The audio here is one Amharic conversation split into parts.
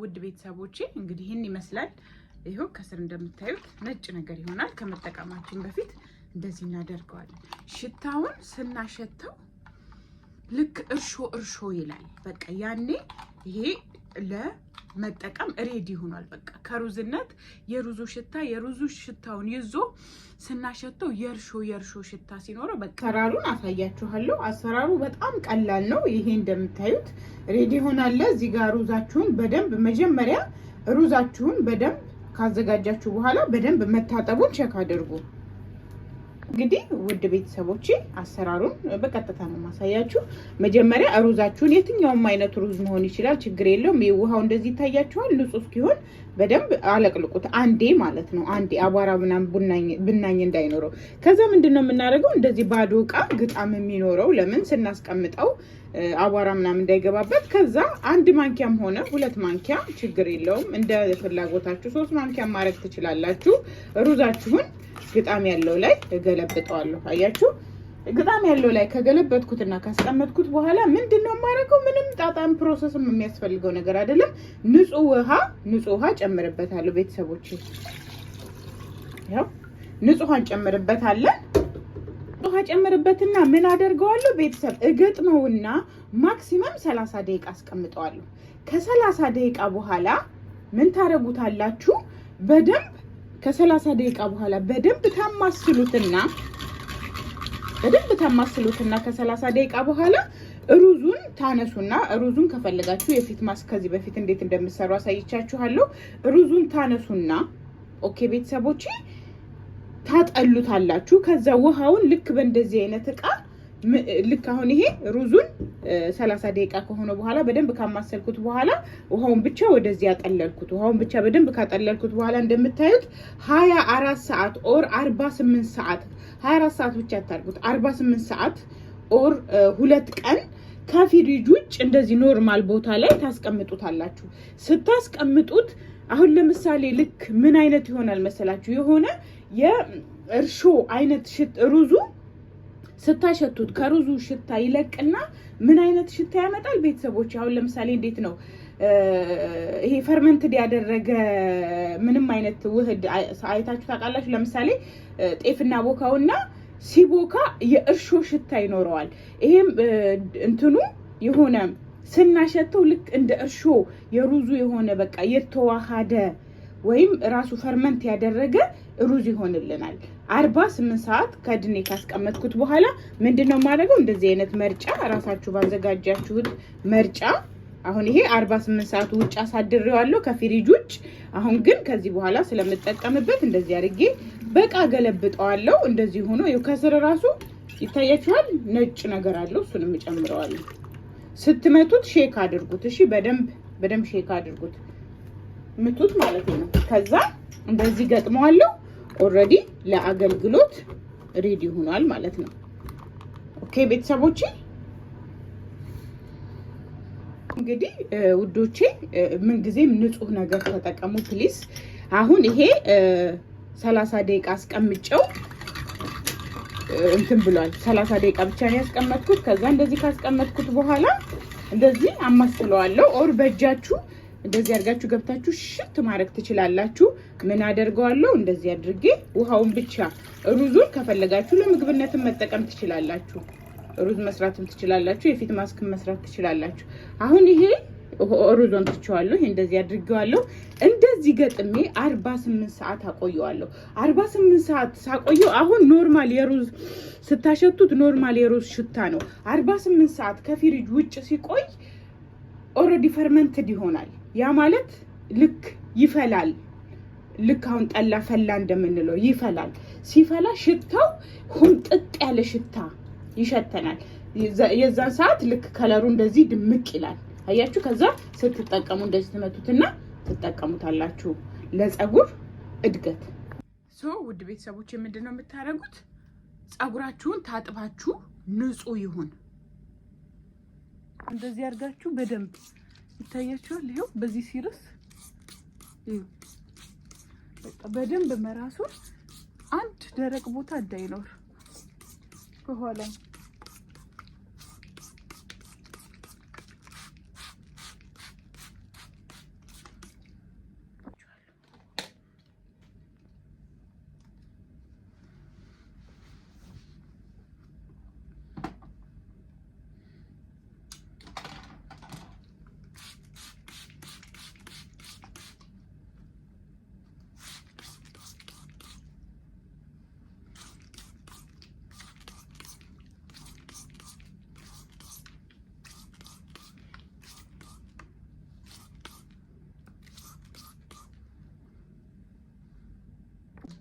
ውድ ቤተሰቦቼ እንግዲህ ይህን ይመስላል። ይሁ ከስር እንደምታዩት ነጭ ነገር ይሆናል። ከመጠቀማችን በፊት እንደዚህ እናደርገዋለን። ሽታውን ስናሸተው ልክ እርሾ እርሾ ይላል። በቃ ያኔ ይሄ ለ መጠቀም ሬዲ ሆኗል። በቃ ከሩዝነት የሩዙ ሽታ የሩዙ ሽታውን ይዞ ስናሸተው የእርሾ የእርሾ ሽታ ሲኖረው በቃ አሰራሩን አሳያችኋለሁ። አሰራሩ በጣም ቀላል ነው። ይሄ እንደምታዩት ሬዲ ሆናለ። እዚህ ጋር ሩዛችሁን በደንብ መጀመሪያ ሩዛችሁን በደንብ ካዘጋጃችሁ በኋላ በደንብ መታጠቡን ቸክ አድርጉ። እንግዲህ ውድ ቤተሰቦች አሰራሩን በቀጥታ ነው ማሳያችሁ። መጀመሪያ ሩዛችሁን የትኛውም አይነት ሩዝ መሆን ይችላል፣ ችግር የለውም። ውሃው እንደዚህ ይታያችኋል። ንጹህ እስኪሆን በደንብ አለቅልቁት፣ አንዴ ማለት ነው። አንዴ አቧራ ምናምን ብናኝ እንዳይኖረው። ከዛ ምንድን ነው የምናደርገው? እንደዚህ ባዶ እቃ ግጣም የሚኖረው ለምን ስናስቀምጠው አቧራ ምናምን እንዳይገባበት። ከዛ አንድ ማንኪያም ሆነ ሁለት ማንኪያ ችግር የለውም እንደ ፍላጎታችሁ ሶስት ማንኪያ ማድረግ ትችላላችሁ። ሩዛችሁን ግጣም ያለው ላይ እገለብጠዋለሁ። አያችሁ፣ ግጣም ያለው ላይ ከገለበጥኩትና ካስቀመጥኩት በኋላ ምንድን ነው የማደርገው? ምንም ጣጣም ፕሮሰስም የሚያስፈልገው ነገር አይደለም። ንጹህ ውሃ ንጹህ ውሃ ጨምርበታለሁ ቤተሰቦች፣ ያው ንጹህ ውሃ እንጨምርበታለን ውሃ ጨምርበትና ምን አደርገዋለሁ ቤተሰብ እገጥመውና ማክሲመም 30 ደቂቃ አስቀምጠዋለሁ። ከ30 ደቂቃ በኋላ ምን ታደርጉታላችሁ? በደንብ ከ30 ደቂቃ በኋላ በደንብ ታማስሉትና በደንብ ታማስሉትና ከ30 ደቂቃ በኋላ ሩዙን ታነሱና ሩዙን ከፈለጋችሁ የፊት ማስክ ከዚህ በፊት እንዴት እንደምሰሩ አሳይቻችኋለሁ። ሩዙን ታነሱና ኦኬ ቤተሰቦቼ ታጠሉታላችሁ። ከዛ ውሃውን ልክ በእንደዚህ አይነት እቃ ልክ አሁን ይሄ ሩዙን ሰላሳ ደቂቃ ከሆነ በኋላ በደንብ ካማሰልኩት በኋላ ውሃውን ብቻ ወደዚህ ያጠለልኩት። ውሃውን ብቻ በደንብ ካጠለልኩት በኋላ እንደምታዩት ሀያ አራት ሰዓት ኦር አርባ ስምንት ሰዓት ሀያ አራት ሰዓት ብቻ ያታርጉት አርባ ስምንት ሰዓት ኦር ሁለት ቀን ከፍሪጅ ውጭ እንደዚህ ኖርማል ቦታ ላይ ታስቀምጡታላችሁ። ስታስቀምጡት አሁን ለምሳሌ ልክ ምን አይነት ይሆናል መሰላችሁ የሆነ የእርሾ አይነት ሩዙ ስታሸቱት ከሩዙ ሽታ ይለቅና ምን አይነት ሽታ ያመጣል? ቤተሰቦች አሁን ለምሳሌ እንዴት ነው ይሄ ፈርመንትድ ያደረገ ምንም አይነት ውህድ አይታችሁ ታውቃላችሁ? ለምሳሌ ጤፍና ቦካውና ሲቦካ የእርሾ ሽታ ይኖረዋል። ይሄም እንትኑ የሆነ ስናሸተው ልክ እንደ እርሾ የሩዙ የሆነ በቃ የተዋሃደ ወይም ራሱ ፈርመንት ያደረገ ሩዝ ይሆንልናል። አርባ ስምንት ሰዓት ከድኔ ካስቀመጥኩት በኋላ ምንድን ነው የማደርገው? እንደዚህ አይነት መርጫ ራሳችሁ ባዘጋጃችሁት መርጫ አሁን ይሄ አርባ ስምንት ሰዓት ውጭ አሳድሬዋለሁ ከፍሪጅ ውጭ። አሁን ግን ከዚህ በኋላ ስለምጠቀምበት እንደዚህ አድርጌ በቃ ገለብጠዋለሁ። እንደዚህ ሆኖ ከስር ራሱ ይታያችኋል ነጭ ነገር አለው። እሱንም እጨምረዋለሁ። ስትመቱት ሼክ አድርጉት። እሺ በደንብ በደንብ ሼክ አድርጉት። ምቱት ማለት ነው። ከዛ እንደዚህ ገጥመዋለሁ። ኦልሬዲ ለአገልግሎት ሬዲ ሆኗል ማለት ነው። ኦኬ ቤተሰቦች እንግዲህ ውዶቼ ምንጊዜም ንጹህ ነገር ተጠቀሙ ፕሊስ። አሁን ይሄ ሰላሳ ደቂቃ አስቀምጨው እንትን ብሏል። ሰላሳ ደቂቃ ብቻ ነው ያስቀመጥኩት። ከዛ እንደዚህ ካስቀመጥኩት በኋላ እንደዚህ አማስለዋለሁ። ኦር በእጃችሁ እንደዚህ አድርጋችሁ ገብታችሁ ሽት ማድረግ ትችላላችሁ። ምን አደርገዋለሁ? እንደዚህ አድርጌ ውሃውን ብቻ ሩዙን ከፈለጋችሁ ለምግብነት መጠቀም ትችላላችሁ። ሩዝ መስራትም ትችላላችሁ። የፊት ማስክም መስራት ትችላላችሁ። አሁን ይሄ ሩዞን ትቸዋለሁ። ይሄ እንደዚህ አድርጌዋለሁ። እንደዚህ ገጥሜ 48 ሰዓት አቆየዋለሁ። 48 ሰዓት ሳቆየው አሁን ኖርማል የሩዝ ስታሸቱት ኖርማል የሩዝ ሽታ ነው። 48 ሰዓት ከፊሪጅ ውጭ ሲቆይ ኦልሬዲ ፈርመንትድ ይሆናል። ያ ማለት ልክ ይፈላል። ልክ አሁን ጠላ ፈላ እንደምንለው ይፈላል። ሲፈላ ሽታው ሁምጥጥ ያለ ሽታ ይሸተናል። የዛን ሰዓት ልክ ከለሩ እንደዚህ ድምቅ ይላል። አያችሁ። ከዛ ስትጠቀሙ እንደዚህ ትመቱትና ትጠቀሙታላችሁ ለፀጉር እድገት። ሶ ውድ ቤተሰቦች የምንድነው ነው የምታደርጉት? ፀጉራችሁን ታጥባችሁ ንጹህ ይሁን እንደዚህ አድርጋችሁ በደንብ ይታያችኋል። ይኸው በዚህ ሲርስ በደንብ መራሱን አንድ ደረቅ ቦታ እንዳይኖር ከኋላ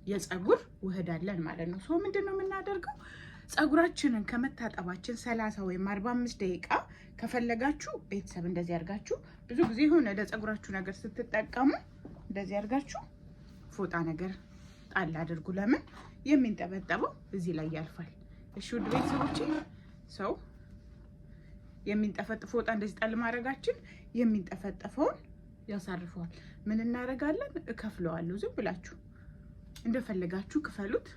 የፀጉር ውህድ አለን ማለት ነው። ሶ ምንድን ነው የምናደርገው? ፀጉራችንን ከመታጠባችን ሰላሳ ወይም አርባ አምስት ደቂቃ ከፈለጋችሁ ቤተሰብ እንደዚህ አድርጋችሁ ብዙ ጊዜ የሆነ ለፀጉራችሁ ነገር ስትጠቀሙ እንደዚህ አድርጋችሁ ፎጣ ነገር ጣል አድርጉ። ለምን የሚንጠበጠበው እዚህ ላይ ያልፋል። እሺ ውድ ቤተሰቦች ሰው የሚንጠፈጥ ፎጣ እንደዚህ ጣል ማድረጋችን የሚንጠፈጠፈውን ያሳርፈዋል። ምን እናደርጋለን? እከፍለዋለሁ ዝም ብላችሁ እንደፈለጋችሁ ክፈሉት።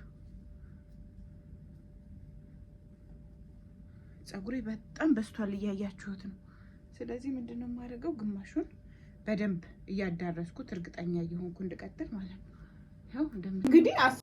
ፀጉሬ በጣም በስቷል፣ እያያችሁት ነው። ስለዚህ ምንድን ነው የማደርገው? ግማሹን በደንብ እያዳረስኩት እርግጠኛ እየሆንኩ እንድቀጥል ማለት ነው። ያው እንግዲህ